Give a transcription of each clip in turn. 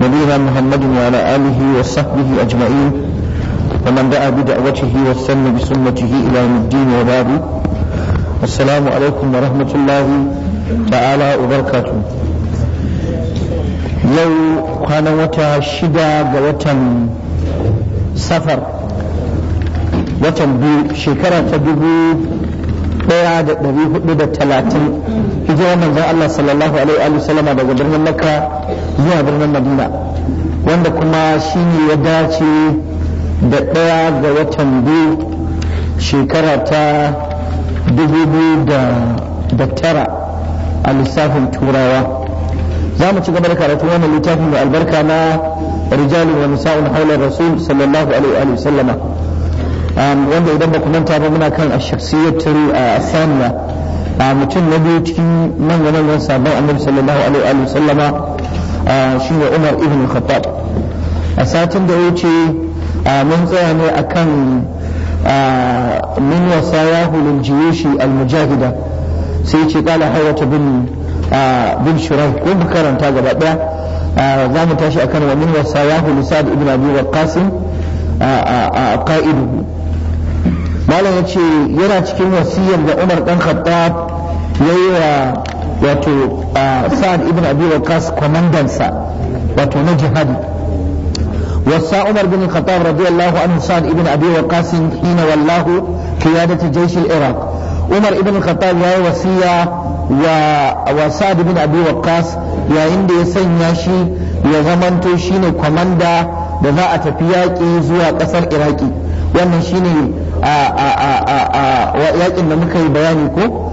نبينا محمد وعلى آله وصحبه أجمعين ومن دعا بدعوته واستنى بسنته إلى يوم الدين وبعد السلام عليكم ورحمة الله تعالى وبركاته يوم كان وتا شدا وتن سفر watan biyu shekara ta dubu daya da dari hudu da talatin hijirar manzon Allah sallallahu alaihi wa sallama daga birnin Makka zuwa birnin Madina wanda kuma shi ne ya dace da ɗaya ga watan biyu shekara ta dubu biyu da tara a lissafin turawa za mu ci gaba da karatu wannan littafin da albarka na rijalin wa nisa'un haular rasul sallallahu alaihi wa sallama um, wanda idan ba ku manta ba muna kan a shaksiyatul uh, a saniya a mutum na biyu cikin manya-manyan sabon annabi sallallahu alaihi wa sallama shi ne umar ibn khattab a satin da ya wuce mun tsaya ne akan min wasayahu lil jiyoshi al-mujahida sai ce kala hawata bin bin shirai ko karanta gaba daya za mu tashi akan wa min wasayahu lisad ibn abi waqqas a ka'idu malam yace yana cikin wasiyar da Umar dan Khattab yayi wa wato sa'ad ibn abi waqas kwamandansa wato na jihadi wasa umar bin khattab radiyallahu anhu sa'ad ibn abi waqas hina wallahu qiyadatu jaysh al-iraq umar ibn khattab yayi wasiya wa wa sa'ad ibn abi waqas yayin da ya sanya shi ya zamanto shine kwamanda da za a tafi yaƙi zuwa ƙasar iraki wannan shine a yaƙin da muka yi bayani ko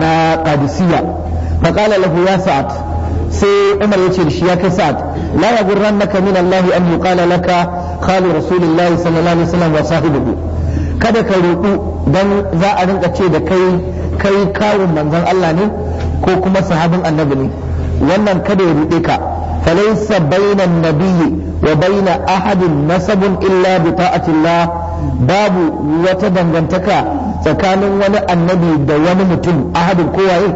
na qadisiyya fa lahu ya sa'ad sai umar ya ce da shi ya kai sa'ad la yaghurrannaka min Allah an yuqala laka qalu rasulullahi sallallahu alaihi wasallam wa sahibihi kada ka roƙu dan za a rinka ce da kai kai kawun manzon Allah ne ko kuma sahabin annabi ne wannan kada ya ruɗe ka falaysa bainan nabiyyi wa baina ahadin nasabun illa bi ta'atillah babu wata dangantaka tsakanin wani annabi da wani mutum ahadin kowaye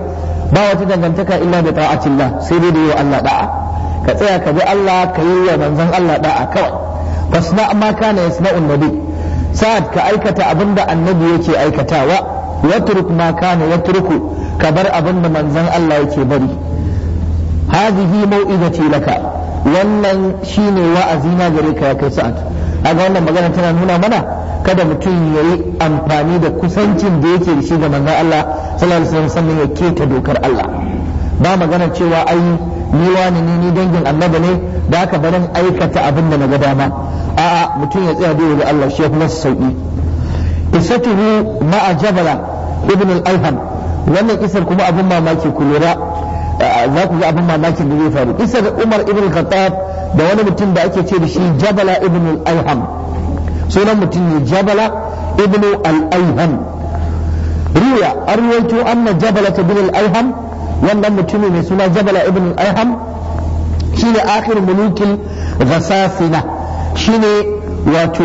ba wata dangantaka illa da ta'atillah sai dai da yi wa Allah da'a ka tsaya ka bi Allah ka yi wa manzon Allah da'a kawai fasna ma kana yasna'un nabi sa'ad ka aikata abin da annabi yake aikatawa yatruk ma kana yatruku ka bar abin da manzon Allah yake bari hadhihi mau'izati laka wannan shine wa'azina gare ka ya kai sa'ad kaga wannan magana tana nuna mana kada mutum ya yi amfani da kusancin da yake da shi ga manzon Allah sallallahu alaihi wasallam ya keta dokar Allah ba magana cewa ai ni wani ne ni dangin annabi ne da aka barin aikata abin da na ga dama a'a mutum ya tsaya da Allah shi kuma su sauki isatuhu ma'a jabala ibn al-alham wannan isar kuma abin mamaki ku lura za ku ga abin mamakin da zai faru isar umar ibn khattab da wani mutum da ake ce da shi jabala ibn al-alham sunan mutum ne jabala ibnu al-ayham riya an ruwaito anna jabala ibn al-ayham wannan mutum ne suna jabala ibn al-ayham shine akhir mulukil ghasasina shine wato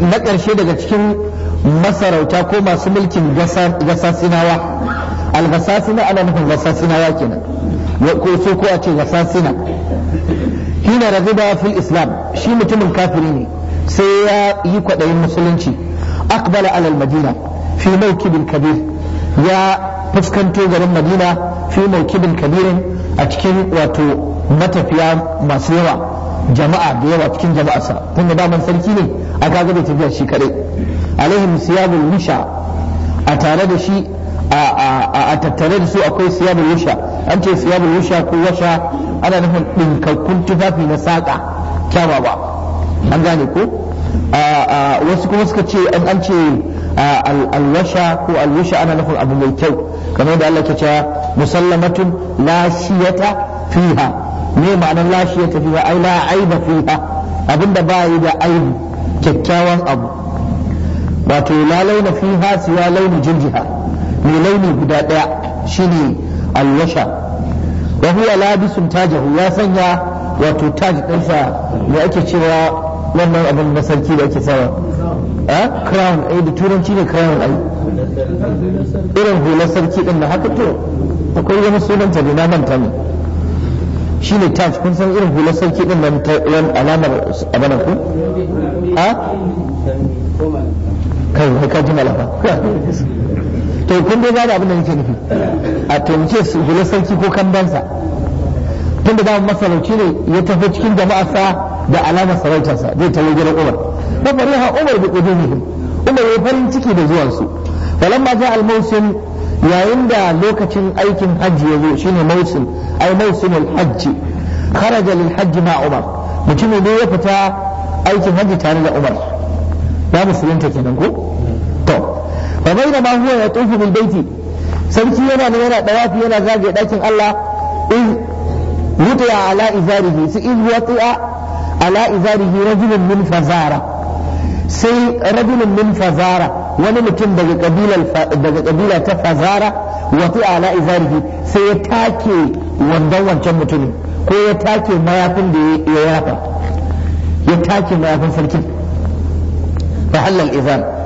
na ƙarshe daga cikin masarauta ko masu mulkin gasasinawa al-ghasasina ana nufin gasasinawa kenan ko so ko a ce wasasina hina raghiba fil islam shi mutumin kafiri ne sai ya yi kwaɗayin musulunci akbala alal madina fi mawkibin kabir ya fuskanto garin madina fi mawkibin kabirin a cikin wato matafiya masu yawa jama'a da yawa cikin jama'arsa tunda daman sarki ne a kaga da tafiya shi kaɗai. alaihim siyabul musha a tare da shi a tattare da su akwai siyabul wusha an ce siyabul wusha ko washa ana nufin ɗinkakkun tufafi na saƙa kyawawa an gane ko wasu kuma suka ce an ce alwasha ko alwasha ana nufin abu mai kyau kamar da Allah ke cewa musallamatun la shiyata fiha me ma'anar la shiyata fiha ai la aiba fiha abinda ba yi da aibu kyakkyawan abu wato la launa fiha siwa launi jinjiha mai launi guda ɗaya shine alwasha wa huwa labisun tajahu ya sanya wato taj ɗinsa da ake cewa wannan abin na sarki da ake sawa a eh, crown ai eh, da turanci ne crown ai irin hular sarki ɗin da haka to akwai wani sunanta da na manta ne shine taj kun san irin hular sarki ɗin nan ta alamar abana ku a ah? kai ka jimala ba to kun dai gane abin da nake nufi a to su hula sarki ko kambansa tun da dama masarauci ne ya tafi cikin jama'a sa da alama sarautarsa zai tare gidan Umar fari ha Umar bi qudumihim Umar ya farin ciki da zuwan su balan ja al mawsim yayin da lokacin aikin hajji ya zo shine mawsim ai mawsimul hajji kharaja lil hajji ma Umar mutum ne ya fita aikin hajji tare da Umar ya musulunta kenan ko fa bainama huwa yatufu bil baiti sarki yana da yana dawafi yana zage ɗakin Allah in wuta ala izarihi su in wuta ala izarihi rajulun min fazara sai rajulun min fazara wani mutum daga kabila daga kabila ta fazara wuta sai ya take wancan mutumin ko ya take mayafin da ya yafa ya take mayafin sarki fa halal izan.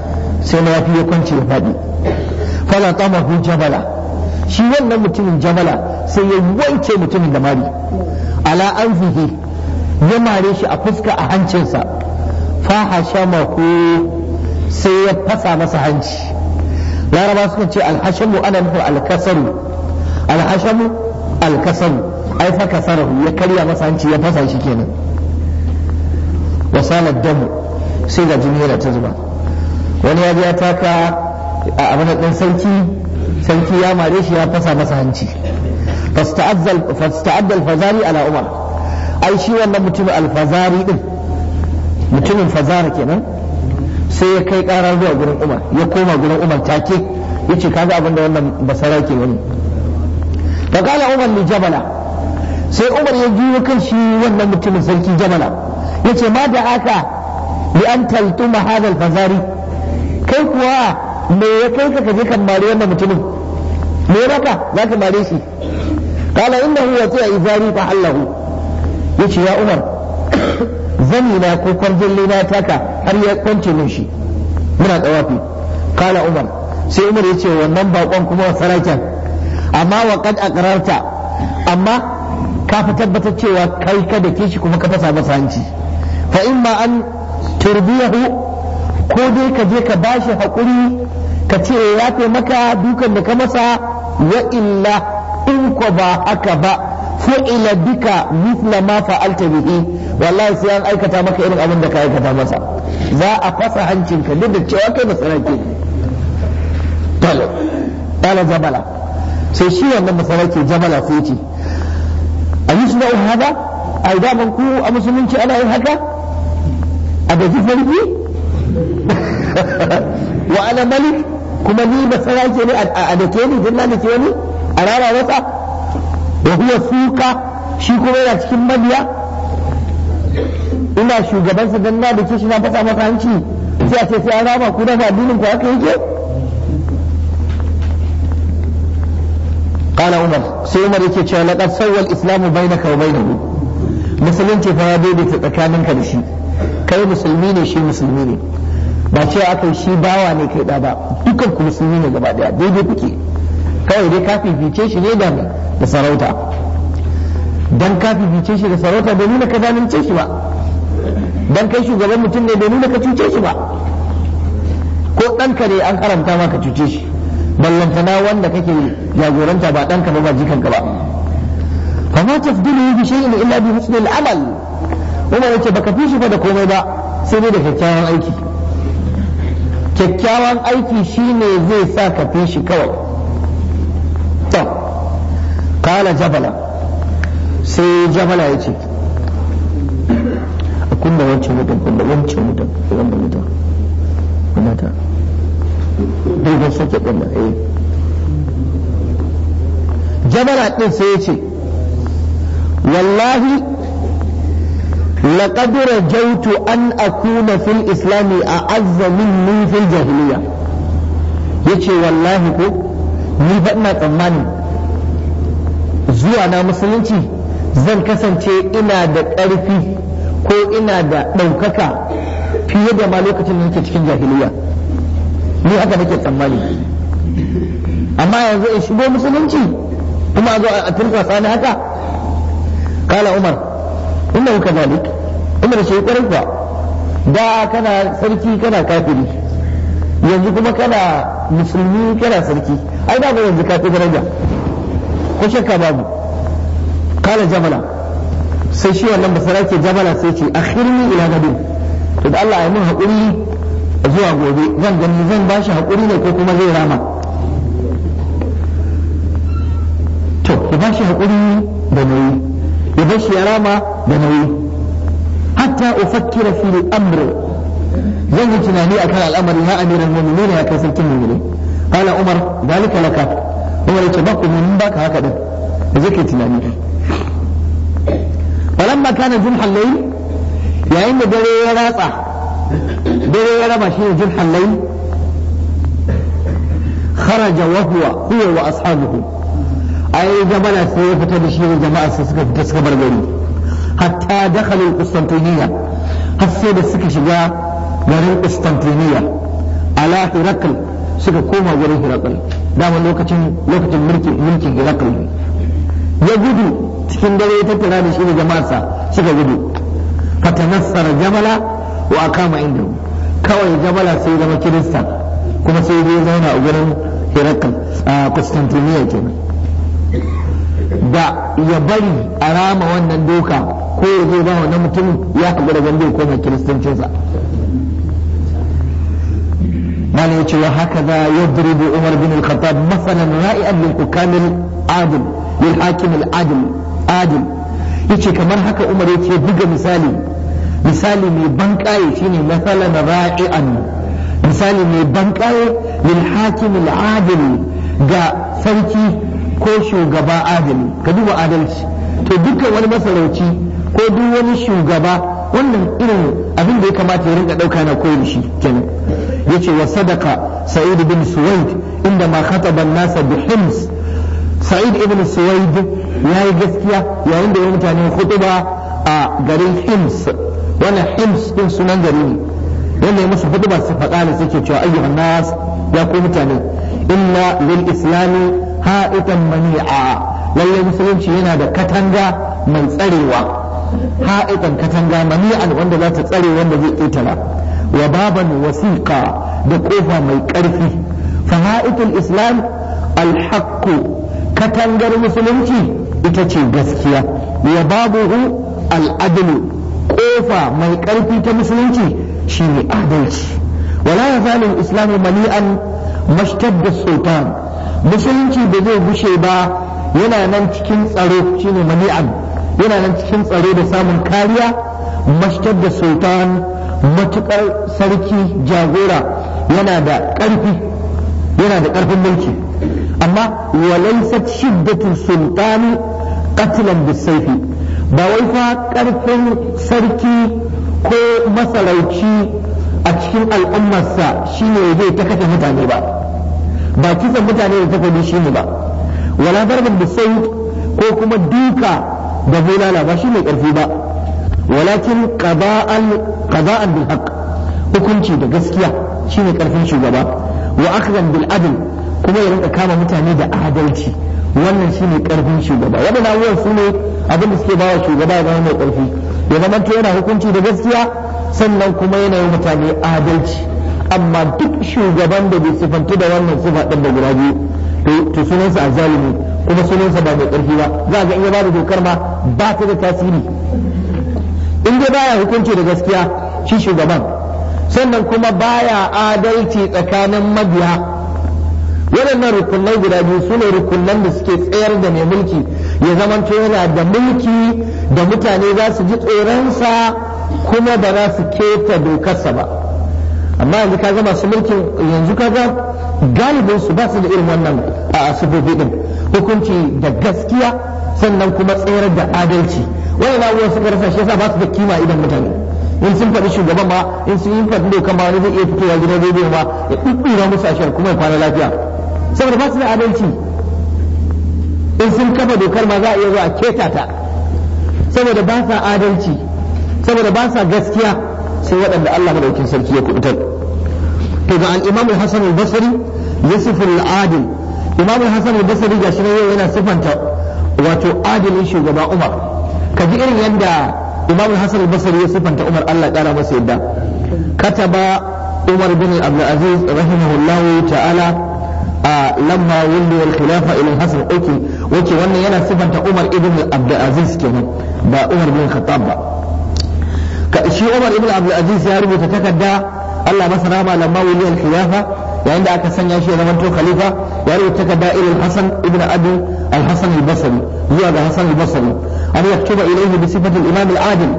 sai mayafi ya kwance ya faɗi fala mafi Jamala shi wannan mutumin Jamala sai ya wanke mutumin da mari ala anfihi ya mare shi a fuska a hancinsa faha shama ko sai ya fasa masa hanci laraba suka ce alhashamu ana nufin alkasaru alhashamu alkasaru ai fa kasarahu ya karya masa hanci ya fasa shi kenan wasalar damu sai ga jini yana ta zuba wani ya ya taka a abin ɗin sarki sarki ya mare shi ya fasa masa hanci fasta'adda alfazari ala umar ai shi wannan mutumin alfazari din mutumin fazara kenan sai ya kai ƙara zuwa gurin umar ya koma gurin umar take ya ce kaga abin da wannan basara ke wani fa kala umar li jabala sai umar ya juyo kan shi wannan mutumin sarki jabala ya ce ma da aka li an taltuma hadal fazari kai kuwa me ya kai ka kaje kan mari wannan mutumin me raka za ka mare shi kala inda huwa ta izari fa hallahu yace ya umar zani na ko kwarjalle na taka har ya kwance min shi muna tsawafi kala umar sai umar ya ce wannan bakon kuma sarakin amma wa kad aqrarta amma ka fi tabbatar cewa kai ka da kishi kuma ka fasa masa hanci fa imma an turbiyahu ko dai ka je ka bashi hakuri ka ce ya yafe maka dukan da ka masa wa illa in ko ba haka ba faila bika mithla ma fa'alta bihi wallahi sai an aikata maka irin abin da ka aikata masa za a fasa hancinka duk da cewa kai ba sarake ne jabala sai shi wannan masarake jabala sai ce a yi suna hada a yi ku a musulunci ana yin haka a da farki wa ana malik kuma ni ba sarake ne a da ke ni dan na ke ni a rara wata wa huwa suka shi kuma yana cikin mabiya ina shugaban sa dan da ke shi na fasa maka hanci sai a ce sai an rama ku ga addinin ku haka yake قال عمر سي عمر يكي cewa laqad sawwa al-islamu bainaka wa bainahu musulunci fa ya daidaita tsakaninka da shi kai musulmi ne shi musulmi ne ba cewa aka shi bawa ne kai da ba dukkan ku musulmi ne gaba daya daidai kuke kawai dai ka fifice shi ne da da sarauta dan ka fifice shi da sarauta bai nuna ka zalunce shi ba dan kai shugaban mutum ne bai nuna ka cuce shi ba ko ɗanka ne an karanta maka cuce shi ballantana wanda kake jagoranta ba ɗanka ba ba jikanka ba fama tafdilu bi shay'in illa bi husnil amal umar yace baka fi shi fa da komai ba sai dai da kyakkyawan aiki kyakkyawan aiki shi ne zai sa ka fi shi kawai to kala jabala sai jabala ya ce a kunna wancan mutum kunna wancan mutum kunna mutum kunna ta dogon sake kunna eh jabala ɗin sai ya ce wallahi لقد رجوت أن أكون في a أعز مني في الجاهلية يتشي والله كو ni ba ina tsammani zuwa na musulunci zan kasance ina da ƙarfi ko ina da ɗaukaka fiye da ma lokacin da cikin jahiliya ni haka nake tsammani amma yanzu in shigo musulunci kuma a zo a turkwasa ni haka kala umar innahu kadhalik umar shi kwarai kuwa da kana sarki kana kafiri yanzu kuma kana musulmi kana sarki ai da yanzu kafi daraja ko shakka babu kala jamala sai shi wannan basara ke jamala sai ce akhirni ila gadin to da Allah ya mun haƙuri zuwa gobe zan gani zan ba shi haƙuri ne ko kuma zai rama to ya ba shi haƙuri da nauyi يبش يراما دنوي حتى أفكر في الأمر زي تناني أكان الأمر يا أمير المؤمنين يا كاسر المؤمنين قال عمر ذلك لك هو يتبقى من باك هكذا ذكر تناني فلما كان جنح الليل يا إما دري راسع دري رما شيء جنح الليل خرج وهو هو وأصحابه ai jabala sai ya fita da shi ne jama'a sai suka fita suka bar gari hatta dakhalul qustantiniya har sai da suka shiga garin qustantiniya ala hirakl suka koma garin hirakl dama lokacin lokacin mulkin mulkin hirakl ya gudu cikin dare ya tattara da shi jama'a jama'arsa suka gudu nasara jamala wa akama inda kawai jamala sai zama kirista kuma sai ya zauna a gurin hirakl a qustantiniya kenan da ya bari a rama wannan doka ko ya zo ba wannan mutum ya hagu da zai koma kiristancinsa mana ya ce wa haka za ya duribu umar bin al-khattab masalan ra'i'an lil hukamil adil lil hakim al-adil adil yace kamar haka umar yace buga misali misali mai bankaye shine na ra'i'an misali mai bankaye lil hakim al-adil ga sarki ko shugaba adali ka duba adalci to dukkan wani masarauci ko duk wani shugaba wannan irin abin da ya kamata ya rinka dauka na koyi shi kenan yace wa sadaka sa'id bin suwaid inda ma khataba an-nasa bi hims sa'id ibn suwaid yayi gaskiya yayin da ya mutane khutuba a garin hims wannan hims din sunan gari ne wanda ya musu hudu su faɗa ne suke cewa ayyuhan nas ya ku mutane inna lil islami ha'itan mani'a lalle musulunci yana da katanga mai tsarewa ha'itan katanga mani'an wanda za ta tsare wanda zai ƙetara wa baban wasiƙa da ƙofa mai ƙarfi fa ha'itul islam alhaqqu katangar musulunci ita ce gaskiya ya babuhu al'adlu ƙofa mai ƙarfi ta musulunci shine adalci wala yazalu islamu mani'an mashtadda sultan musulunci da zai gushe ba yana nan cikin tsaro shine mani'an yana nan cikin tsaro da samun kariya mashtar da sultan matukar sarki jagora yana da ƙarfi yana da ƙarfin mulki amma walaisat shiddatul sultani qatlan bisayfi ba wai fa ƙarfin sarki ko masarauci a cikin al'ummarsa shine zai ta kashe mutane ba ba kisan mutane da takobi shi ne ba wala darbin da sai ko kuma duka da bulala ba shi ne karfi ba walakin qada'an bil haqq hukunci da gaskiya shine karfin shugaba wa akhdan bil adl kuma ya rinka kama mutane da adalci wannan shine karfin shugaba wadannan abubuwan su ne abin da suke bawa shugaba ya zama mai karfi ya zama yana hukunci da gaskiya sannan kuma yana yi mutane adalci amma duk shugaban da bai sifantu da wannan sifa ɗin da guda biyu to sunansa a zalimi kuma sunansa ba mai ƙarfi ba za ga in ya bada dokar ma ba ta da tasiri in dai baya hukunci da gaskiya shi shugaban sannan kuma baya adalci tsakanin mabiya waɗannan rukunai guda biyu su ne rukunan da suke tsayar da mai mulki ya zama yana da mulki da mutane za su ji tsoronsa kuma ba za su keta dokarsa ba amma yanzu ka zama su mulkin yanzu ka ga galibin su ba su da irin wannan a sufofi din hukunci da gaskiya sannan kuma tsayar da adalci na wuwa suka rasa shi yasa ba su da kima idan mutane in sun faɗi shugaban ma in sun yi faɗi dokan ma wani zai iya fitowa gidan rediyo ma ya ɗuɗɗura musu ashar kuma ya kwana lafiya saboda ba su da adalci in sun kafa dokar ma za a iya zuwa keta ta saboda ba sa adalci saboda ba sa gaskiya sai waɗanda Allah madaukin sarki ya kubutar to ga al-Imam al-Hasan al-Basri yasifu al-adil Imam al-Hasan al-Basri ga shi yau yana sifanta wato adilin shugaba Umar Kaji ji irin yadda Imam al-Hasan al-Basri ya sifanta Umar Allah ya kara masa yadda kataba Umar bin Abdulaziz العزيز رحمه الله تعالى آه لما ولي الخلافة إلى الحسن أوكي wannan yana ينا Umar عمر ابن عبد العزيز كمان Umar bin بن shi Umar ibn Abdul Aziz ya rubuta takarda Allah masa rahama lamma wuli al-khilafa yayin da aka sanya shi ya zama to khalifa ya rubuta takarda ila hasan ibn Abi al-Hasan al-Basri zuwa ga Hasan al-Basri an yaktuba ilayhi bi sifati al-imam al-adil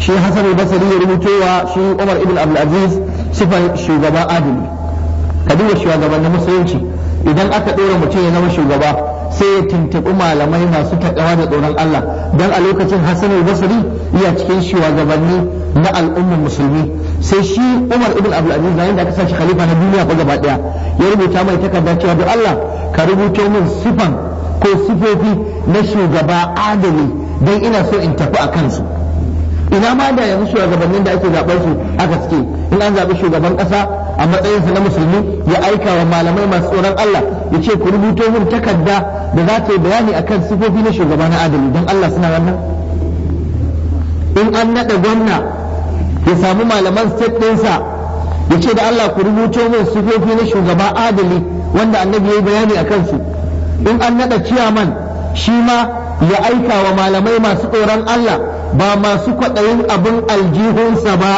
shi Hasan al-Basri ya rubuta wa shi Umar ibn Abdul Aziz sifar shugaba Ka duba shugaban na musulunci idan aka dora mutum ya zama shugaba sai ya tuntuɓi malamai masu taɗawa da tsoron Allah don a lokacin Hassan al-Basri iya cikin shugabanni na al'ummar musulmi sai shi Umar ibn Abdul Aziz yayin da aka sa shi khalifa na duniya ko gaba daya ya rubuta mai takarda cewa don Allah ka rubuto min sifan ko sifofi na shugaba adali don ina so in tafi a kansu ina ma da yanzu shugabannin da ake zaɓar su aka suke in an zaɓi shugaban ƙasa a matsayinsa na musulmi ya aika wa malamai masu tsoron Allah ya ce ku rubuto min takarda da za ta yi bayani a kan sifofi na shugaba na adali don Allah suna wannan in an naɗa gwamna ya samu malaman state ɗinsa ya ce da Allah ku rubuto min sifofi na shugaba adali wanda annabi ya yi bayani a kansu in an naɗa ciyaman shi ma ya aika wa malamai masu tsoron Allah ba masu kwaɗayin abin aljihunsa ba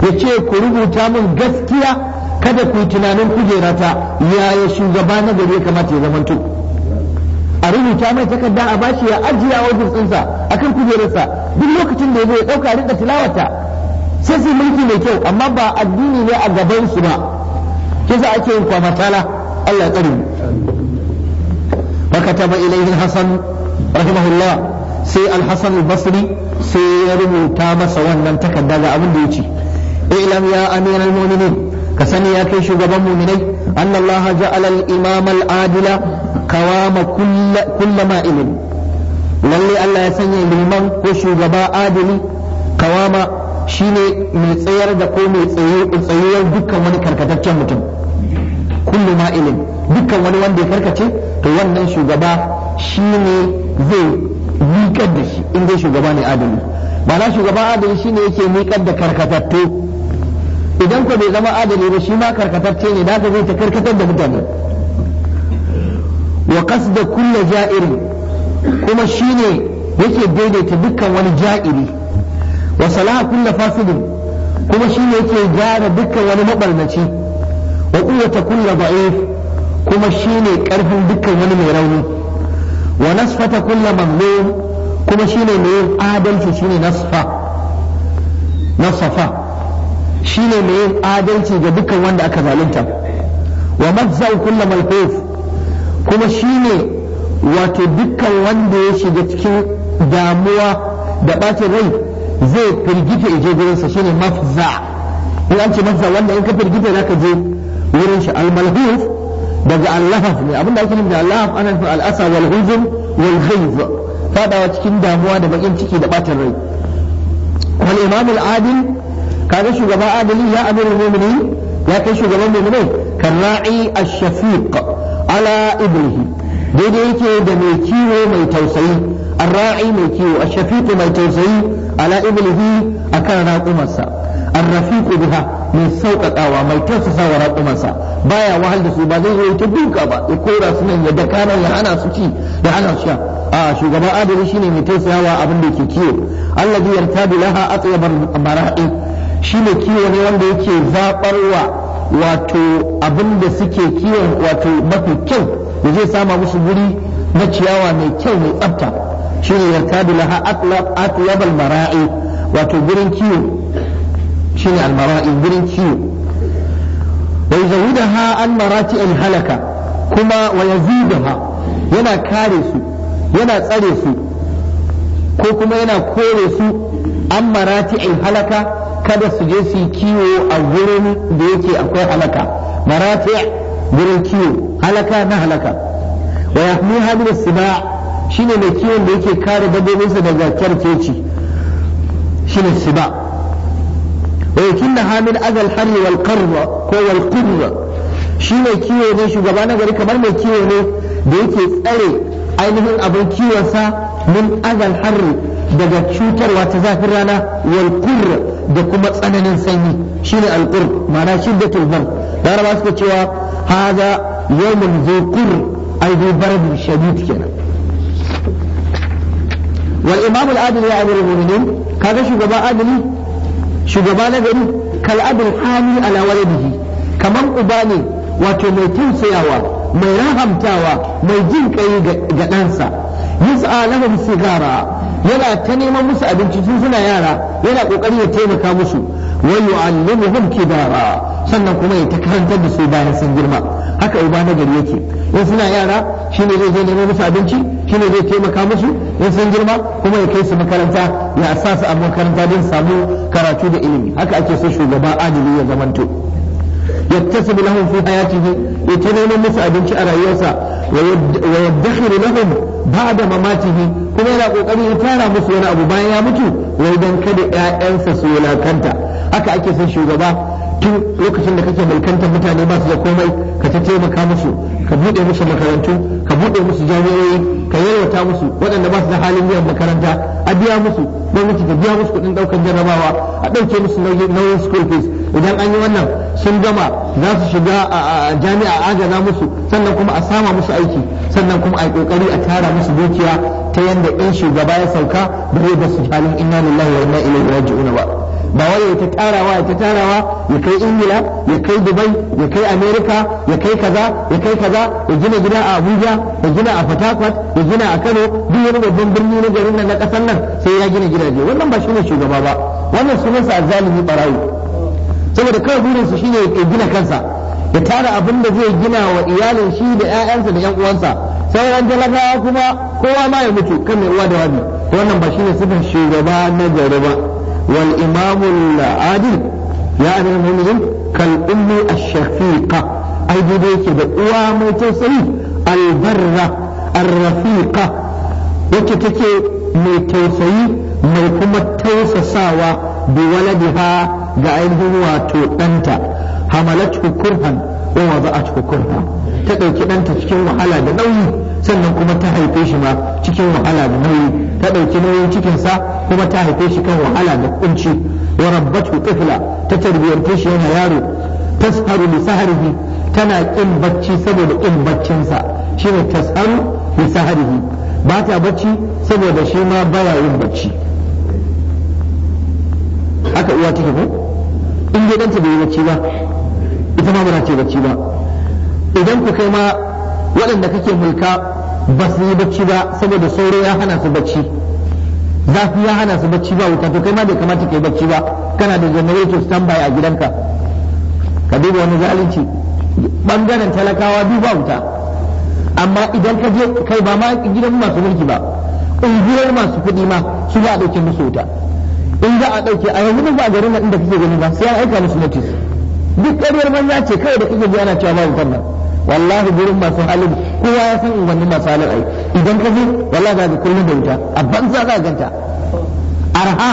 ya ce ku rubuta min gaskiya kada ku yi tunanin kujerata yaya shugaba na gari ya kamata ya zamanto. a rubuta mai takarda a bashi ya ajiye a ofisinsa a akan kujerarsa duk lokacin da ya zo ya dauka da tilawata sai su mulki mai kyau amma ba addini ne a gaban su ba kisa ake yin kwa matala Allah ya tsare mu fakata ba ilayhi hasan rahimahullah sai al al-basri sai ya rubuta masa wannan takarda ga abin da ya ce ilam ya amiral mu'minin ka sani ya kai shugaban muminai annallaha ja'ala al-imama al-adila kawama kulla ma'imin lalle Allah ya sanya liman ko shugaba adili kawama shine mai tsayar da ko mai tsayuwar dukkan wani karkataccen mutum kullu ma'ilin dukkan wani wanda ya karkace to wannan shugaba shine zai miƙar da shi in dai shugaba ne adali ba na shugaba adali shine yake miƙar da karkatattu idan ko bai zama adali ba shi ma karkatacce ne da zai ta karkatar da mutane wa qasda kulla ja'iri kuma shine yake daidaita dukkan wani ja'iri wa salaha kulla fasidin kuma shine yake gyara dukkan wani mabarnaci wa quwwata kulla da'if kuma shine karfin dukkan wani mai rauni wa nasfata kulla mamnun kuma shine mai adalci shine nasfa nasafa shine mai adalci ga dukkan wanda aka zalunta wa mazau kullu malhuf kuma shine wato dukkan wanda ya shiga cikin damuwa da bacin rai zai firgita ije gurinsa shine mafza in an ce mazza wanda in ka firgita zaka je wurin shi al malhuf daga allahaf ne abinda ake nufi da allahaf ana nufin al'asa wal huzn wal ghaiz fadawa cikin damuwa da bakin ciki da bacin rai wal imam al adil kaga shugaba adali ya amirul mu'minin ya kai shugaban mu'minai karra'i ash-shafiq ala ibrihi daidai yake da mai kiwo mai tausayi arra'i mai kiwo ash-shafiq mai tausayi ala ibrihi akan raƙumarsa ar-rafiq biha mai sauƙaƙawa mai tausasa wa raƙumansa baya wahal da su ba zai yi ta duka ba ya kora su nan ya daka nan ya hana su ci ya hana su sha a shugaban adali shine mai tausayawa abin da ke kiyo allazi a laha atyabar mara'i shi ne kiwo ne wanda yake zaɓarwa wato abin da suke kiwon wato mafi kyau da zai sama musu guri na ciyawa mai kyau mai tsafta shi ne yarka da laha atlabal mara'i wato gurin kiwo shi ne almara'i gurin kiwo bai zahu da ha an marati in halaka kuma wa ha yana kare su yana tsare su ko kuma yana kore su an marati in halaka kada su je su kiwo a gurin da yake akwai halaka marati gurin kiwo halaka na halaka wa yahmi hadin siba shine mai kiwon da yake kare dabbobinsa daga kyarkeci shine siba wa yakinna hamil azal harri wal qarra ko wal qurra shi kiwo ne shugaba na gari kamar mai kiwo ne da yake tsare ainihin abin sa min azal harri daga cutarwa ta zafin rana wal da kuma tsananin sanyi shine al qur ma'ana shiddatul Da laraba suka cewa haza yawmun zu ay zu barad shadid kenan wal imam al adil ya amir mu'minin kaga shugaba adili shugaba na gari kal adil hami ala waladihi kaman uba ne wato mai tausayawa mai rahamtawa mai jin kai ga ɗansa yus'a lahum sigara yana ta neman musu abinci sun suna yara yana kokari ya taimaka musu wa yu'allimuhum kibara sannan kuma ya ta karantar da su bayan sun girma haka uba na gari yake in suna yara shine zai je neman musu abinci shine zai taimaka musu in sun girma kuma ya kai su makaranta ya sa su a makaranta don samu karatu da ilimi haka ake so shugaba adili ya zamanto yattasibu lahum fi hayatihi ya ta neman musu abinci a rayuwarsa wa yaddakhiru lahum ba da mamatihi kuma yana kokari ya tara musu wani abu bayan ya mutu wai dan kada ƴaƴansa su wulakanta haka ake son shugaba tun lokacin da kake mulkantar mutane ba su da komai ka ta taimaka musu ka buɗe musu makarantu ka buɗe musu jami'o'i ka yalwata musu waɗanda ba su da halin biyan makaranta a biya musu gwamnati ta biya musu kuɗin ɗaukar jarrabawa a ɗauke musu nauyin school fees idan an yi wannan sun gama za su shiga a jami'a agaza musu sannan kuma a sama musu aiki sannan kuma a yi kokari a tara musu dukiya ta yadda in shugaba ya sauka ba zai ba su halin inna lillahi wa inna ilaihi raji'un ba ba wai ta tarawa ya ta tarawa ya kai ingila ya kai dubai ya kai amerika ya kai kaza ya kai kaza ya gina gida a abuja ya gina a fatakwat ya gina a kano duk wani babban birni na garin nan na kasar nan sai ya gina gidaje wannan ba shine shugaba ba wannan sunansa azzalimi barayi saboda kawai burinsu ne ya gina kansa ya tara abin da zai gina wa iyalin shi da 'ya'yansa da 'yan uwansa sauran talakawa kuma kowa ma ya mutu kan mai uwa da wabi wannan ba shi ne sifar shugaba na gari ba wal imamul adil ya amir mu'minin kal ummi ash-shafiqa ai dai yake da uwa mai tausayi albarra ar-rafiqa yake take mai tausayi mai kuma tausasawa bi waladiha ga ainihin wato ɗanta hamalatu kurhan wa wada'at kurhan ta ɗauki ɗanta cikin wahala da nauyi sannan kuma ta haife shi ma cikin wahala da nauyi ta ɗauki nauyin cikinsa kuma ta haife shi kan wahala da kunci wa rabbatu tifla ta tarbiyyantar shi yana yaro tasharu li saharihi tana kin bacci saboda kin baccinsa shine tasharu li saharihi ba ta bacci saboda shi ma baya yin bacci Aka uwa take ko in dai danta bai yi bacci ba ita ma ba ce bacci ba idan ku kai ma waɗanda kake mulka ba su yi bacci ba saboda sauro ya hana su bacci zafi ya hana su bacci ba wuta to kai ma bai kamata kai bacci ba kana da generator standby a gidanka ka duba wani zalunci bangaren talakawa biyu ba wuta amma idan ka je kai ba ma gidan masu mulki ba unguwar masu kuɗi ma su ba a ɗauke musu wuta in za a ɗauke a yanzu ba a garin nan inda kuke gani ba sai an aika musu notice duk ƙaryar banza ce kawai da kuke ji ana cewa babu sallah wallahi gurin masu halin kowa ya san wani masu halin ai idan ka zo wallahi ga ka kullum da wuta a banza za a ganta arha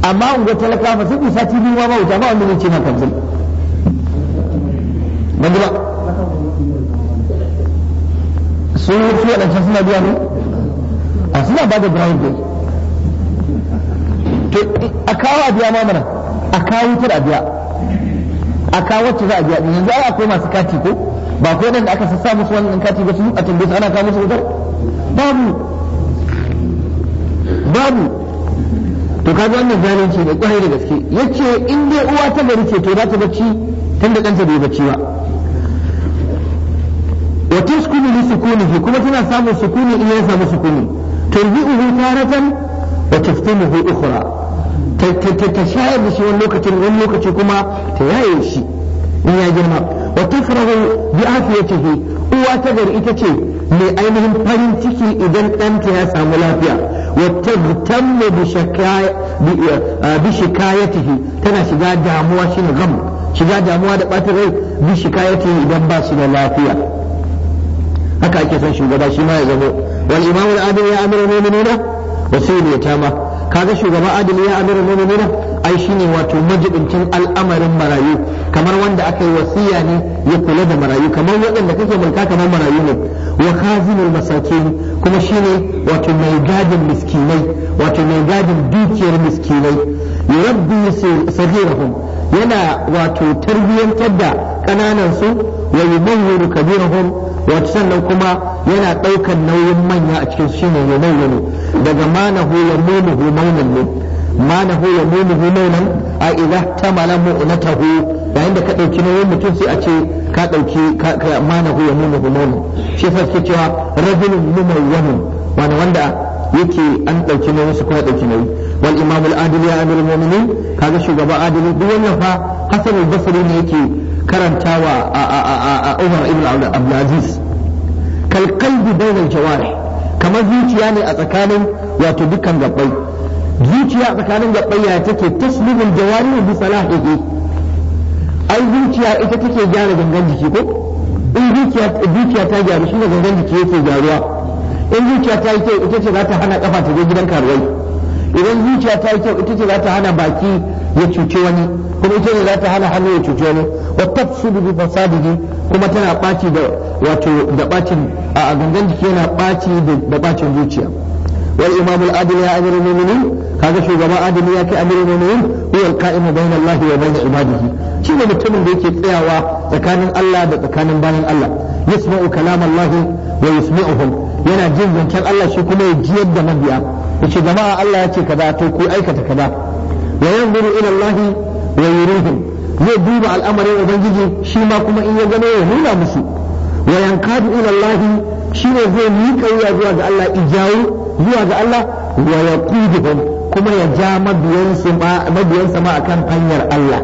amma unguwar talaka ba sai kusa tv ma ba wuta ba wanda zai ce ma kamsin ba sun yi waɗancan suna biya ne a suna ba da brown day to a kawo a biya ma mana a kawo a biya a kawo wacce za a biya din yanzu ai akwai masu kati ko ba ko da aka sassa musu wannan kati ba su a tambaye su ana kawo musu wutar babu babu to kaga wannan zalunci da kwarai da gaske yace in dai uwa ta gari ce to za ta bacci tun da ɗanta bai bacci ba wa taskunu li sukunihi kuma tana samun sukuni in ya samu sukuni turbi'uhu taratan wa taftimuhu ukhra ta shayar da shi wani lokacin wani lokaci kuma ta yaye shi in ya girma wa tafrahu bi afiyatihi uwa ta gari ita ce mai ainihin farin ciki idan ɗanta ya samu lafiya wa tabtammu bi eh, ah, shikayatihi tana shiga damuwa ne gam shiga damuwa da ɓata rai bi shikayatihi idan ba shi da lafiya haka ake son shugaba shi ma ya zamo wal imamu al-adil ya amara mu'minina wa sayyidul yatama kaga shugaban adali ya amira mu'minina ai shine wato majibincin al'amarin marayu kamar wanda aka yi wasiya ne ya kula da marayu kamar waɗanda kake mulka kamar marayu ne wa khazinul masakin kuma shine wato mai gadin miskinai wato mai gadin dukiyar miskinai yurabbi sahirahum yana wato tarbiyantar da kananan su wa yumawwiru kabirahum wato sannan kuma yana ɗaukar nauyin manya a cikin shi ne yanayi daga manahu ya mumuhu maunan ne manahu ya mumuhu maunan a ta mu tamala taho. yayin da ka ɗauki nauyin mutum sai a ce ka ɗauki manahu ya mumuhu maunan shi fa cewa rajulun mumayyanun wanda yake an ɗauki nauyi su kuma ɗauki nauyi wal imam al adil ya amir mu'minin kaga shugaba adili duk wannan fa hasan al basri ne yake karantawa a Umar ibn Abdul Aziz kal qalbi bainal jawarih kamar zuciya ne a tsakanin wato dukkan gabbai zuciya a tsakanin gabbai ya take taslimul jawarih bi salahihi ai zuciya ita take gyara gangan jiki ko in zuciya ta gyara shi ne gangan jiki yake gyaruwa in zuciya ta yi kyau ita ce za ta hana kafa ta je gidan karuwai idan zuciya ta yi kyau ita ce za ta hana baki ya cuce wani kuma ita ce za ta hana hannu ya cuce wani wa tafsidu bi fasadihi kuma tana baci da wato da bacin a gangan jiki yana baci da bacin zuciya wal imamu al-adil ya amiru mu'minin kaga shugaba adili ya kai amiru mu'minin huwa al-qa'imu bayna Allah wa bayna ibadihi shi ne mutumin da yake tsayawa tsakanin Allah da tsakanin bayan Allah yasma'u kalam Allah wa yusmi'uhum yana jin zancen Allah shi kuma ya jiyar da mabiya yace jama'a Allah ya ce kaza to ku aikata kaza wa yanzuru ila Allah wa yurihim zai duba al'amarin ubangiji shi ma kuma in ya gano ya nuna musu wa yankadu ila Allah shi ne zai miƙa wuya zuwa ga Allah ijawu zuwa ga Allah wa yaquduhum kuma ya ja mabiyansa ma mabiyansa ma akan hanyar Allah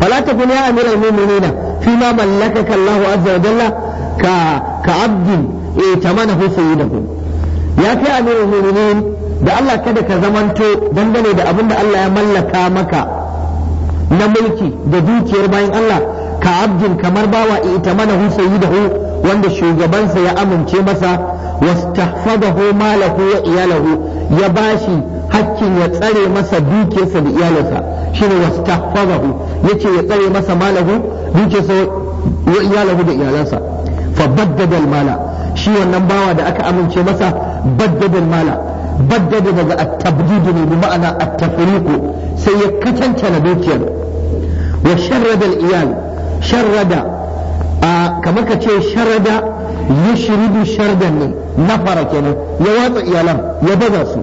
fala takun ya amiral mu'minina fima mallakaka Allah azza wa jalla ka ka abdin eh tamana hu sayyidahu ya kai amirul mu'minin da Allah kada ka zamanto dangane da abin da Allah ya mallaka maka na mulki da dukiyar bayan Allah ka abdin kamar bawa ita mana hu sayyidahu wanda shugabansa ya amince masa wastahfadahu malahu wa iyalahu ya bashi hakkin ya tsare masa dukiyarsa da iyalansa shine wastahfadahu yace ya tsare masa malahu dukiyarsa wa iyalahu da iyalansa fa baddada mala shi wannan bawa da aka amince masa baddadal mala baddada daga at-tabdid bi ma'ana at-tafriqu sai ya katanta na dukiyar wa sharrada al-iyal sharrada kamar ka ce sharrada yushridu shardan ne nafara kenan ya watsa iyalan ya baza su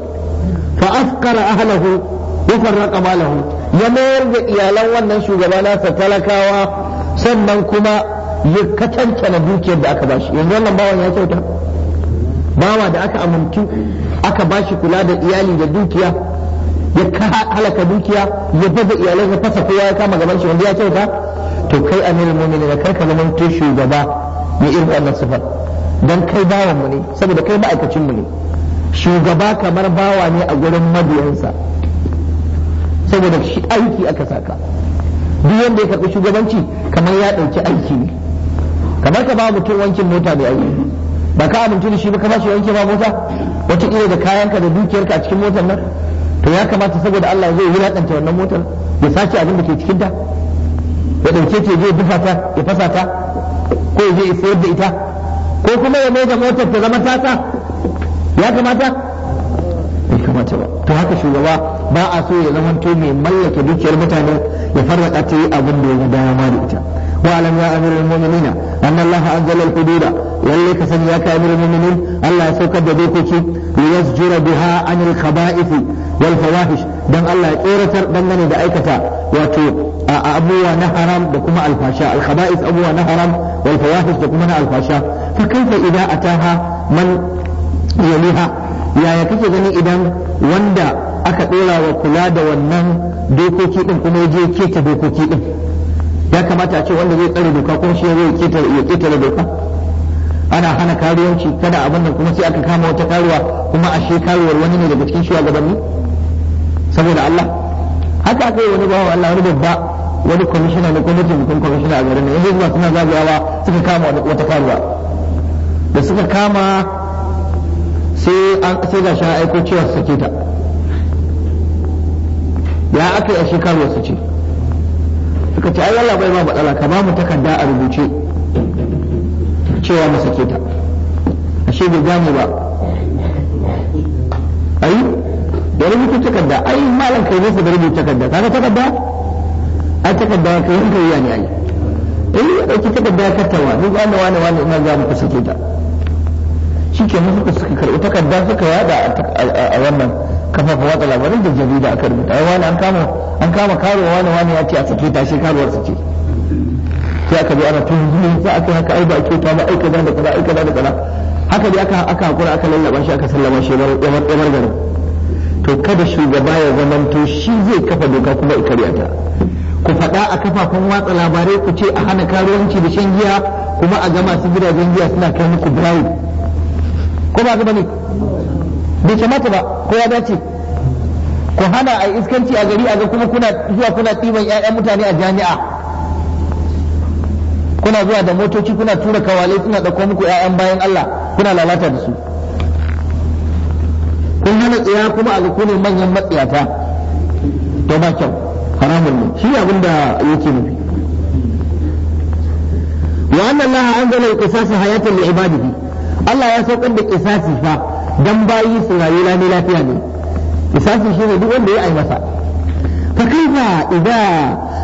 fa afqara ahlahu wa farraqa malahu ya mayar da iyalan wannan shugaba nasa talakawa sannan kuma ya katancana dukiyar da aka bashi yanzu wannan bawan ya kyauta bawa da aka amintu aka bashi kula da iyali da dukiya ya halaka dukiya ya baza iyalai ya fasa kowa ya kama gaban shi wanda ya kyauta to kai amirul mu'minin kai ka mun tushe shugaba ya irin wannan sifar dan kai bawan mu ne saboda kai ma'aikacin mu ne shugaba kamar bawa ne a gurin mabiyansa saboda shi aiki aka saka duk wanda ya karɓi shugabanci kamar ya ɗauki aiki ne kamar ka ba mutum wankin mota mai aiki. ba ka amince da shi ba ka ba shi wanke ba mota wata kila da ka da dukiyarka a cikin motar nan to ya kamata saboda Allah zai wulakanta wannan motar ya sace abin da ke cikin ta ya dauke ta zai dufa ta ya fasa ta ko ya je sayar da ita ko kuma ya maida motar ta zama tasa ya kamata bai kamata ba to haka shugaba ba a so ya zama mai mallake dukiyar mutane ya farraka ta yi abin da ya ga dama da ita wa alam ya amirul mu'minin anna allah anzala al hudura lalle ka san ya ka amirul mu'minin allah ya saukar da dokoki li yasjura biha an al khaba'ith wal fawahish allah ya kiratar dangane da aikata wato abuwa na haram da kuma alfasha al khaba'ith abuwa na haram wal da kuma na alfasha fa kaifa idha ataha man Yaya ya yake ganin idan wanda aka ɗora wa kula da wannan dokoki ɗin kuma ya je keta dokoki ɗin ya kamata a ce wanda zai tsare doka kuma shi zai keta ya keta doka ana hana kariyanci kada abin nan kuma sai aka kama wata karuwa kuma ashe karuwar wani ne daga cikin shugabanni saboda Allah haka aka yi wani bawa Allah wani babba wani kwamishina ne kuma taimakon kwamishina a garin nan yanzu zuwa suna zagayawa suka kama wata karuwa da suka kama sai ga shi aiko cewa su sake ta ya aka yi a shekaru su ce suka ce ai bai ma batsala ka ba mu takarda a rubuce cewa mu sake ta ashe bai mu ba ayi da rubuta takarda ayi malam kai ne da rubuta takarda ga takarda ai takarda kai in kai yani ai eh dauki takarda ya kattawa duk wani wani wani ina za mu sake ta shikenan suka suka karɓi takarda suka yada a wannan kafafa watsa labarai da jarida aka rubuta ai wani an kama an kama wani wani ya ce a sake ta shi karuwar su ce sai aka bi ana tun zuwa sai aka haka ai ba ake ta ba aika da kaza aika da kaza haka dai aka aka hakura aka lallaba shi aka sallama shi bar yamar garin to kada shugaba ya to shi zai kafa doka kuma ikariya ta ku faɗa a kafafen watsa labarai ku ce a hana karuwanci da shan giya kuma a ga masu gidajen giya suna kai muku bribe ko ba ga bane bai kamata ba ko ya dace ku hana a iskanci a gari a ga kuma kuna zuwa kuna ɗiban 'ya'yan mutane a jami'a kuna zuwa da motoci kuna tura kawalai suna ɗauko muku 'ya'yan bayan Allah kuna lalata da su kun hana tsaya kuma a ga manyan matsiyata to ba kyau haramun ne shi abin da yake nufi wa anna an anzala al-qisas hayatan li ibadihi Allah ya saukar da qisasi fa dan bayi su rayu lami lafiya ne misali shi ne duk wanda ya yi masa fa kaifa idza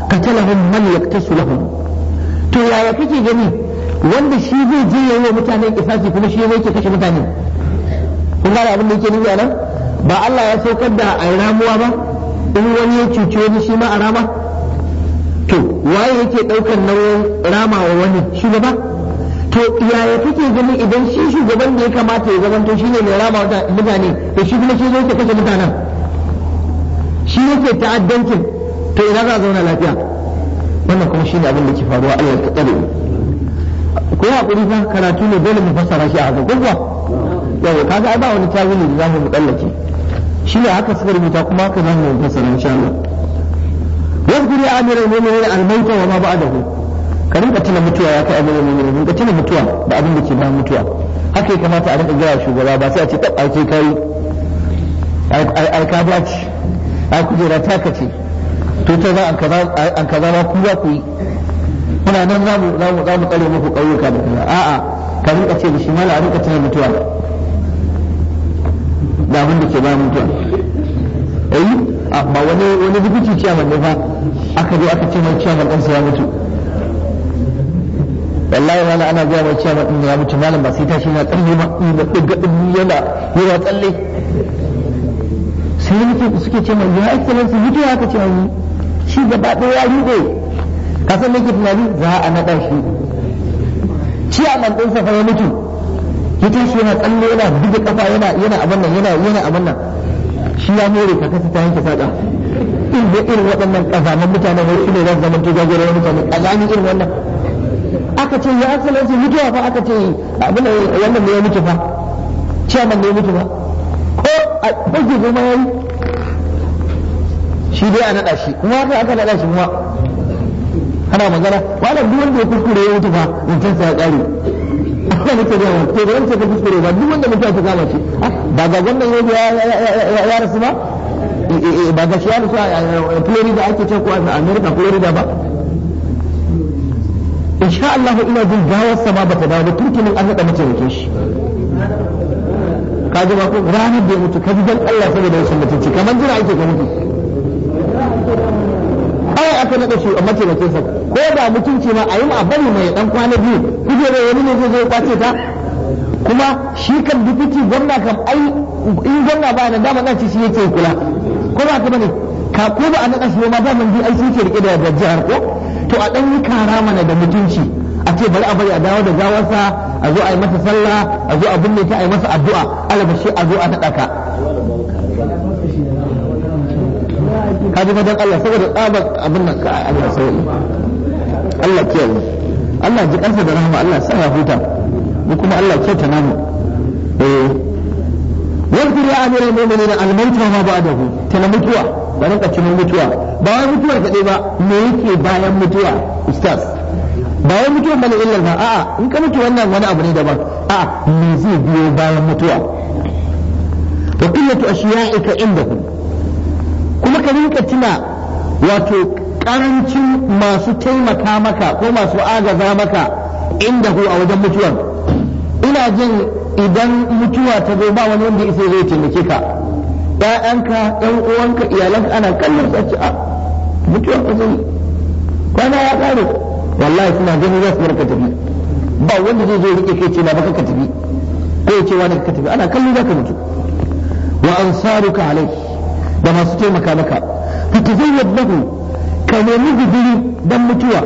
qatalahum man yaktasu lahum to yaya kake gani wanda shi zai je yayi wa mutane kisasi kuma shi zai ke kashe mutane kun gane abin da yake nufi anan ba Allah ya saukar da a ramuwa ba in wani ya cuci wani shi ma a rama to waye yake daukar nauyin rama wa wani shugaba to yaya kake gani idan shi shugaban da ya kamata ya zamanto shine mai rama mutane to shi kuma shi zai kashe mutanen shi yake ta'addancin to ina za a zauna lafiya wannan kuma shine abin da ke faruwa Allah ya tsare ku yi hakuri fa karatu ne dole mu fassara shi a haka gurgwa yau kaga ai ba wani tawili da zamu mukallace shi ne haka suka rubuta kuma haka zamu fassara insha Allah yadhkuru amira al-mu'minin al-mauta wa ma ba'dahu ka rinka tuna mutuwa ya kai abin mu'mini rinka tuna mutuwa da abin da ke ba mutuwa haka ya kamata a rinka gaya shugaba ba sai a ce a ce kai ai ka dace a kujera ta kace to ta za an kaza ba ku za ku yi muna nan za mu za mu za mu tsare muku ƙauyuka da kaza ka rinka ce da shi mala a rinka tuna mutuwa da abin da ke ba mutuwa eh, ba wani wani dubuci ciyaman ne fa aka zo aka ce mai ciyaman ɗansa ya mutu wallahi wani ana gaya mai cewa in ya mutu malam ba sai tashi na tsalle ba ina da ɗin yana yana tsalle sai mutu suke ya mai ya excellency mutu ya ka cewa yi shi gaba ɗaya ya ruɗe ka san nake tunani za a naɗa shi Ci a man ɗinsa fa ya mutu ya tashi yana tsalle yana buga ƙafa yana yana abin nan yana yana abin nan shi ya more ka kasa ta yanke saƙa in da irin waɗannan ƙazaman mutanen wasu ne za su zama tujagoro mutane ƙazamin irin wannan aka ce ya excellency mutuwa fa aka ce abin wannan ne ya mutu fa chairman ne ya mutu fa ko a ɗauke kuma ya yi shi dai a naɗa shi kuma haka aka naɗa shi kuma ana magana malam duk wanda ya kuskure ya mutu fa zancen sa ya ƙare haka nake da yawan to da wancan ka kuskure ba duk wanda mutuwa ta kama shi ba ga wannan gwamnan ya rasu ba eh, eh, eh, ba ga shi ya rasu a Florida ake ce ko a America Florida ba sha Allah ina jin gawar sama ba ta dawo turkinin an haɗa mace rikin shi ka ji ba ko ranar da ya mutu ka ji dan Allah saboda wasu mutunci kamar jira ake ga mutu ai aka naɗa shi mace rikin sa ko da mutunci ma a yi ma bari mai dan kwana biyu kujere wani ne zai zo ya kwace ta kuma shi kan dukiti gwamna kan ai in gwamna ba na dama ci shi yake kula ko ba ka bane ka ko ba a naɗa shi ma daman bi ai shi ke rike da jihar ko to a ɗan yi kara mana da mutunci a ce bari a bari a dawo da gawarsa a zo a yi masa sallah a zo a binne ta a yi masa addu'a shi a zo a ta ka ka ji madan Allah saboda tsabar abin nan ka Allah sauyi Allah yi Allah ji kansa da rahama Allah sa ya huta mu kuma Allah ta namu eh wal qur'anul mu'minina al-mautu ma ba'dahu tana mutuwa da rinka cinin mutuwa ba wai mutuwar kaɗai ba me yake bayan mutuwa ustaz ba wai mutuwar bane illar ba a'a in ka mutu wannan wani abu ne daban a'a me zai biyo bayan mutuwa wa qillatu ashiya'ika indahum kuma ka rinka tuna wato karancin masu taimaka maka ko masu agaza maka indahu a wajen mutuwar ina jin idan mutuwa ta zo ba wani wanda isa zai taimake ka ‘ya'yanka, ‘yan uwanka, iyalanka ana kallon su a ah, Mutuwar ba kwana ya kare wallahi suna ganin za su bar ka tafi ba wanda zai zo rike kai ce na baka ka tafi ko ce wani ka tafi ana kallo za ka mutu wa ka alai da masu taimaka maka fitazayyad lahu ka nemi guduri don mutuwa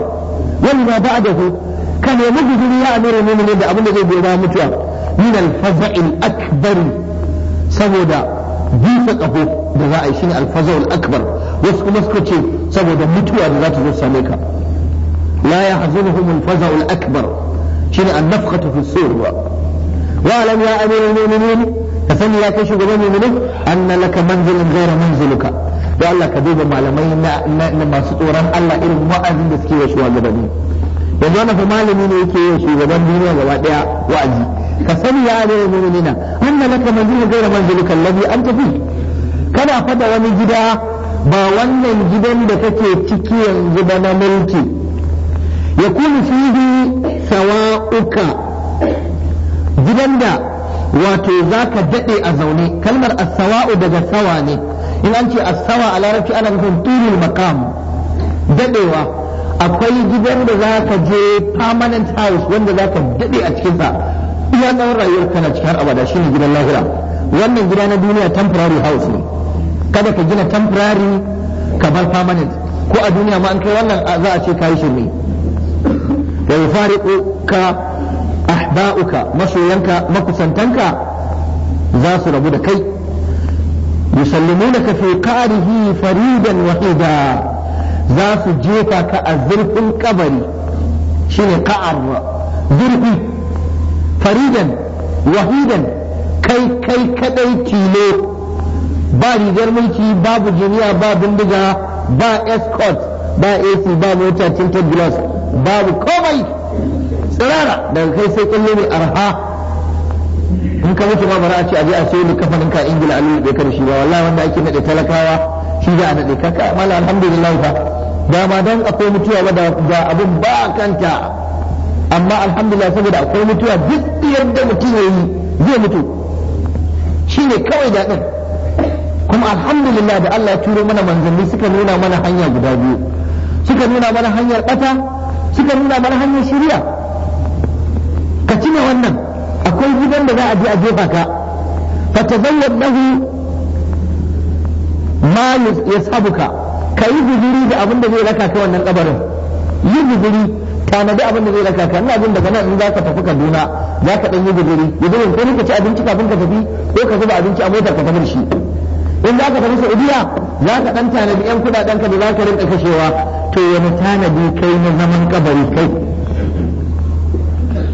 wani ma ba'dahu ka nemi guduri ya amira ne da abin da zai biyo ba mutuwa min al-faza'il akbari saboda bisa kaho da za a yi shine alfazawul akbar wasu kuma suka ce saboda mutuwa da za ta zo same ka la yahzunuhum alfazawul akbar shine an ta fi sur wa alam ya amirul mu'minin ka sani ya kai shugaban mu'minin anna laka manzilan ghayra manzilika da Allah ka duba malamai na masu tsoron Allah irin wa'azin da suke wa shugabanni yanzu wani malami ne yake yin shugaban duniya gaba daya wa'azi ka sani ya amirul mu'minina anna laka manzilan ghayra manzilika alladhi anta fihi kana fada wani gida ba wannan gidan da kake ciki yanzu ba na mulki ya kuma fihi sawa'uka gidan da wato za ka daɗe a zaune kalmar asawa'u daga sawa ne in an ce asawa a larabci ana nufin turul makam daɗewa akwai gidan da za ka je permanent house wanda za ka daɗe a cikinsa iya tsawon rayuwar kana cikin har abada shine gidan lahira wannan gida na duniya temporary house ne kada ka gina temporary ka bar permanent ko a duniya ma an kai wannan za a ce kayi shirme wa ka ahba'uka masoyanka makusantanka za su rabu da kai yusallimunaka fi qarihi faridan wahida za su jefa ka a zurfin kabari shine qa'ar zurfi faridan wahidan kai kai kadai tilo ba rigar mulki babu jiniya ba bindiga ba escort ba ac ba mota tinted glass babu komai tsirara daga kai sai kullu ne arha in ka mutu ma bara a ce je a sayo kafanin ka ingila a lulluɓe ka da shi ba wallahi wanda ake nade talakawa shi za a nade ka mala alhamdulillah fa da ma dan akwai mutuwa ba da abun ba kanta amma alhamdulillah saboda akwai mutuwa duk yadda mutum ya yi zai mutu shi ne kawai daɗin kuma alhamdulillah da Allah ya turo mana manzanni suka nuna mana hanya guda biyu suka nuna mana hanyar bata suka nuna mana hanyar shirya. ka tuna wannan akwai gidan da za a je a jefa ka fa tazayyad lahu ma yasabuka ka yi guzuri da abin da zai raka ka wannan kabarin yi guzuri tanadi abin da zai raka ka ina jin daga nan in za ka tafi Kaduna za ka dan yi guzuri yanzu ko ka ci abinci kafin ka tafi ko ka zuba abinci a motar ka tafi shi in za ka tafi saudiya za ka dan tanadi yan kudaden ka da za ka rinka kashewa to wani tanadi kai na zaman kabari kai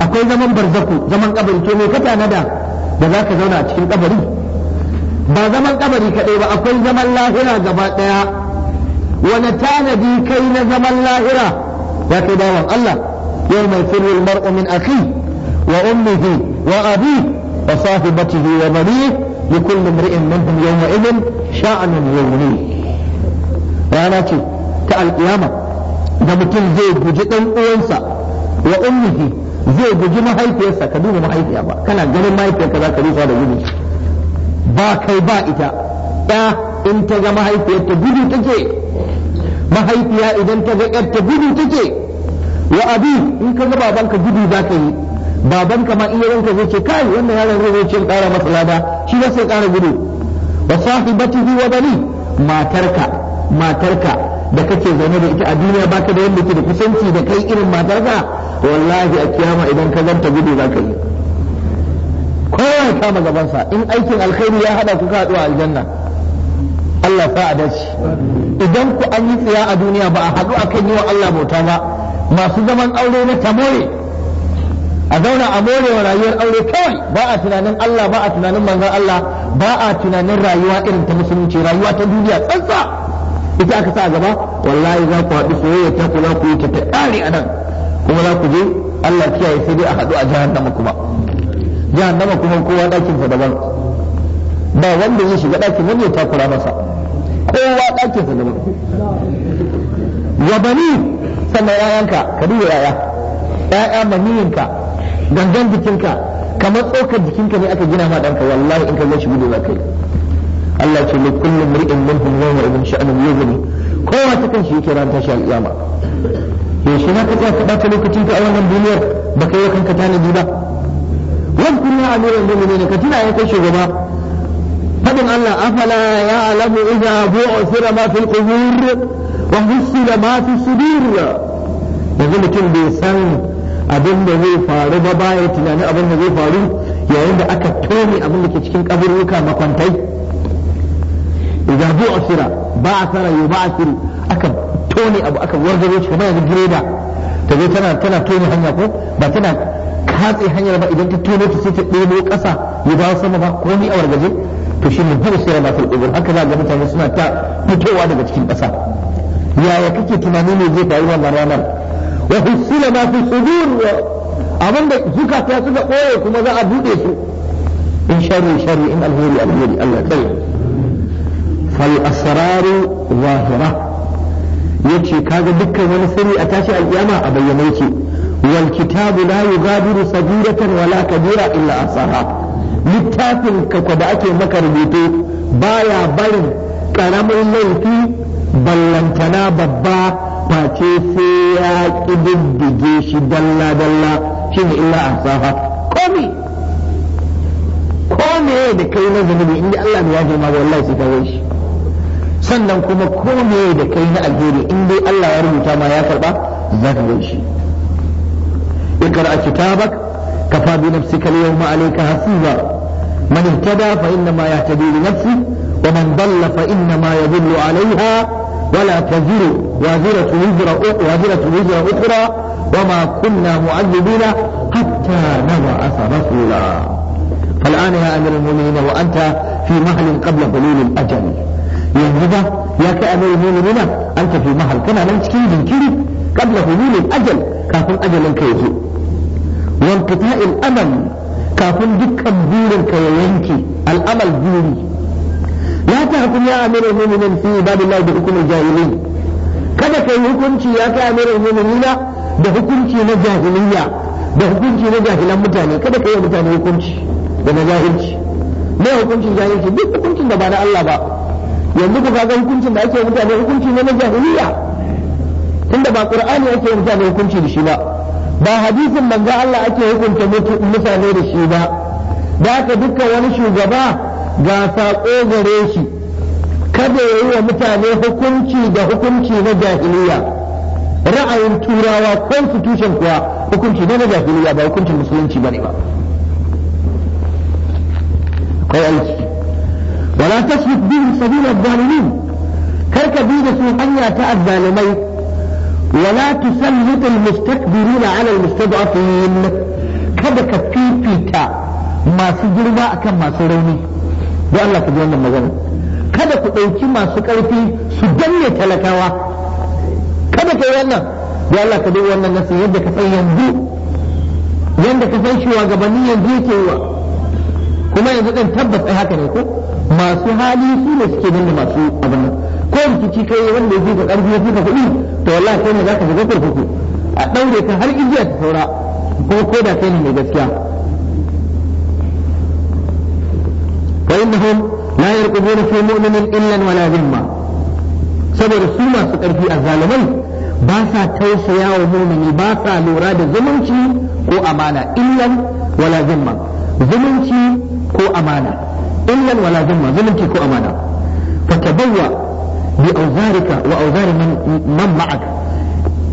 akwai zaman barzaku zaman kabari to me ka tanada da za ka zauna a cikin kabari ba zaman kabari kaɗai ba akwai zaman lahira gaba ɗaya wani tanadi kai na zaman lahira ya kai bawan Allah yau mai firul mar'u min akhi wa ummihi wa abi wa sahibatihi wa banihi لكل امرئ منهم يومئذ شأن يغنيه rana ce ta alƙiyama da mutum zai guji ɗan'uwansa uwansa wa ummihi zai guji mahaifiyarsa ka duba mahaifiya kana ganin mahaifiyarka za ka rusa da ba kai ba ita ya in ta ga mahaifiyarta gudu take mahaifiya idan ta ga ƴarta gudu take wa abi in ka ga babanka gudu za ka yi baban kama iya ranka zai ce kai Wanda yaron zai zai ce kara masa lada shi ne sai kara gudu wa sahibatihi wa ni matarka matarka da kake zaune da ita a duniya baka da yanda ke da kusanci da kai irin matarka wallahi a kiyama idan ka zanta gudu za ka yi kowa kama gabansa in aikin alkhairi ya hada kuka haɗu a aljanna Allah fa a dace idan ku an yi tsiya a duniya ba a haɗu a kan yi wa Allah bauta ba masu zaman aure na tamore a zauna a morewa rayuwar aure kawai ba a tunanin Allah ba a tunanin manzon Allah ba a tunanin rayuwa irin ta musulunci rayuwa ta duniya tsantsa ita aka sa gaba wallahi za ku haɗu soyayya ta kula ku yi ta tare a nan kuma za ku je Allah kiyaye sai dai a haɗu a jahannama kuma jahannama kuma kowa ɗakin sa daban ba wanda zai shiga ɗakin wanda ya takura masa kowa ɗakin sa daban wa bani sannan 'ya'yanka ka duba 'ya'ya 'ya'ya maniyinka gangan jikinka kamar tsokar jikinka ne aka gina ma danka wallahi in ka zai shigo gudu za kai Allah ce likullin mri'in minhum yawma idin sha'anun yughni kowa ta kanshi yake ran tashi alƙiyama yaushe na ka tsaya ka ta lokacin ka a wannan duniyar ba kai kanka tanadi ba wani kuma amirin mu'minin ka tuna ya kai shugaba Allah. فمن الله أفلا يعلم إذا بعثر ما في القبور وحصل ما في الصدور يقول bai san. abin da zai faru ba baya tunanin abin da zai faru yayin da aka tone abin da ke cikin kaburuka makwantai idan zuwa sira ba a sara yau ba a siri aka tone abu aka wargaro shi kamar yanzu gireda ta zo tana tana tone hanya ko ba tana katse hanyar ba idan ta tone ta sai ta ɗebo ƙasa ya dawo sama ba ko ni a wargaje to shi ne zuwa sira ba ta haka za ga mutane suna ta fitowa daga cikin ƙasa yaya kake tunani ne zai faru wannan ranar da husila ma fi sudur abin da zukata suka ɓoye kuma za a buɗe su in sharri sharri in alheri alheri Allah kai fal asraru zahira yace kaga dukkan wani sirri a tashi alkiyama a bayyane yake wal kitabu la yugadiru sagiratan wala kabira illa asaha littafin ka da ake maka rubutu baya barin karamin laifi ballantana babba face sai ya ƙididdige shi dalla dalla shi ne illa ahsaha komi kome da kai na zunubi inda Allah ya jama ba wallahi sai ka shi sannan kuma kome da kai na alheri in dai Allah ya rubuta ma ya karba za ka shi اقرأ كتابك كفى بنفسك اليوم عليك حسيبا من اهتدى فإنما يهتدي لنفسه ومن ضل فإنما يضل عليها ولا تزر وازرة وزر وازرة وزر أخرى وما كنا معذبين حتى نبعث رسولا فالآن يا أمير المؤمنين وأنت في مهل قبل حلول الأجل ينهض يا كأمير المؤمنين أنت في مهل كما من تكين جنكيري قبل حلول الأجل كافر أجل كيزو وانقطاع الأمل كافر دكا بورك وينكي الأمل بوري la tahkum ya amirul mu'minin fi ibadillahi bi hukmil jahilin kada ka yi hukunci ya kai amirul mu'minina da hukunci na jahiliya da hukunci na jahilan mutane kada ka kai mutane hukunci da na jahilci me hukuncin jahilci duk hukuncin da ba na Allah ba yanzu ku ga hukuncin da ake mutane hukunci ne na jahiliya tunda ba qur'ani ake hukunta da hukunci da shi ba ba hadisin manzo Allah ake hukunta mutane da shi ba Ba ka dukkan wani shugaba ga saƙo gare shi kada ya yi wa mutane hukunci da hukunci na jahiliya ra'ayin turawa constitution kuwa hukunci ne na jahiliya ba hukuncin musulunci bane ba akwai aiki wala tasbik bihi sabila adh-dhalimin kar ka bi da su hanya ta azzalimai wala tusallit al-mustakbirina 'ala al-mustad'afin kada ka fifita masu girma akan masu rauni don Allah ku ji wannan magana kada ku ɗauki masu ƙarfi su danne talakawa kada ka yi wannan don Allah ka dubi wannan nasu yadda ka san yanzu yadda ka san gabanni yanzu yake yi wa kuma yanzu ɗin tabbas ai haka ne ko masu hali su ne suke da masu abin ko rikici kai wanda ya fi ka ƙarfi ya fi ka kuɗi to wallahi kai ne za ka shiga kurkuku a ɗaure ka har igiya ta saura ko ko da kai ne mai gaskiya فإنهم لا يرقبون في مؤمن إلا ولا ذمة saboda su masu ƙarfi a zalumai ba sa tausaya wa mumini ba sa lura da zumunci ko amana illan wala zimma zumunci ko amana illan wala zimma zumunci ko amana fatabawwa bi auzarika wa auzari man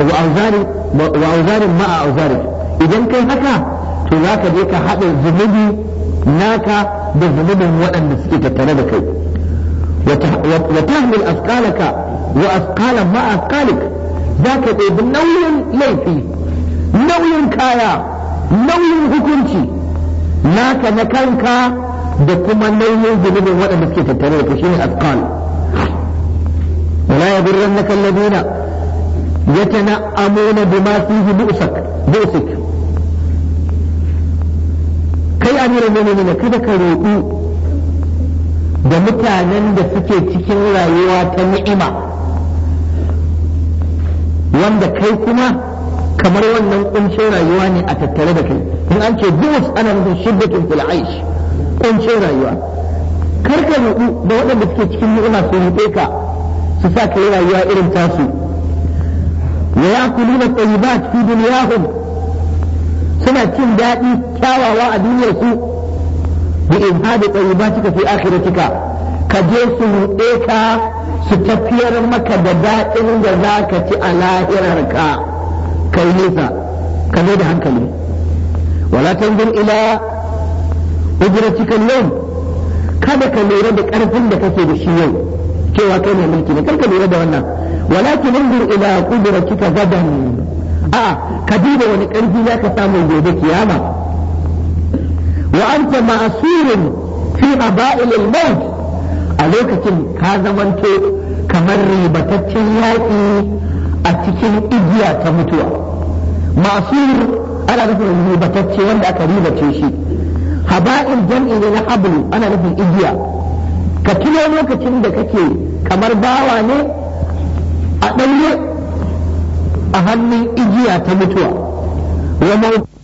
wa auzari wa auzari ma'a idan kai haka to zaka je ka haɗa zunubi naka da zunubin waɗanda suke tattare da kai wa tahmil asqalaka wa asqalan ma asqalik za ka ɗebi nauyin laifi nauyin kaya nauyin hukunci naka na kanka da kuma nauyin zunubin waɗanda suke tattare da kai shine asqal wala yadurrannaka alladhina yatana'amuna bima fihi bu'sak bu'sak kai amirin mu'minin ne kada ka roƙi da mutanen da suke cikin rayuwa ta ni'ima wanda kai kuma kamar wannan kuncin rayuwa ne a tattare da kai in an ce duwus ana nufin shiddatin fil aish kuncin rayuwa kar ka roƙi da waɗanda suke cikin ni'ima su roƙe ka su sa ka yi rayuwa irin tasu wa ya'kuluna tayyibat fi dunyahum suna cin daɗi kyawawa a duniyar su bi in ba kika fi kika. ka je su ruɗe ka su tafiyar maka da daɗin da za ka ci a lahirar ka kai nesa ka da hankali wala tanzur ila ujratika yau kada ka lura da ƙarfin da kake da shi yau cewa kai ne mulki ne kar ka lura da wannan walakin inzur ila qudratika gadan a ka duba wani ƙarfi za ka samu gobe kiyama wa anta ma'asurin fi aba'il al-maut a lokacin ka zamanto kamar ribataccen yaƙi a cikin igiya ta mutuwa ma'asir ana nufin ribatacce wanda aka ribace shi haba'il jam'i ne na hablu ana nufin igiya ka tuno lokacin da kake kamar bawa ne a ɗanye a hannun igiya ta mutuwa wa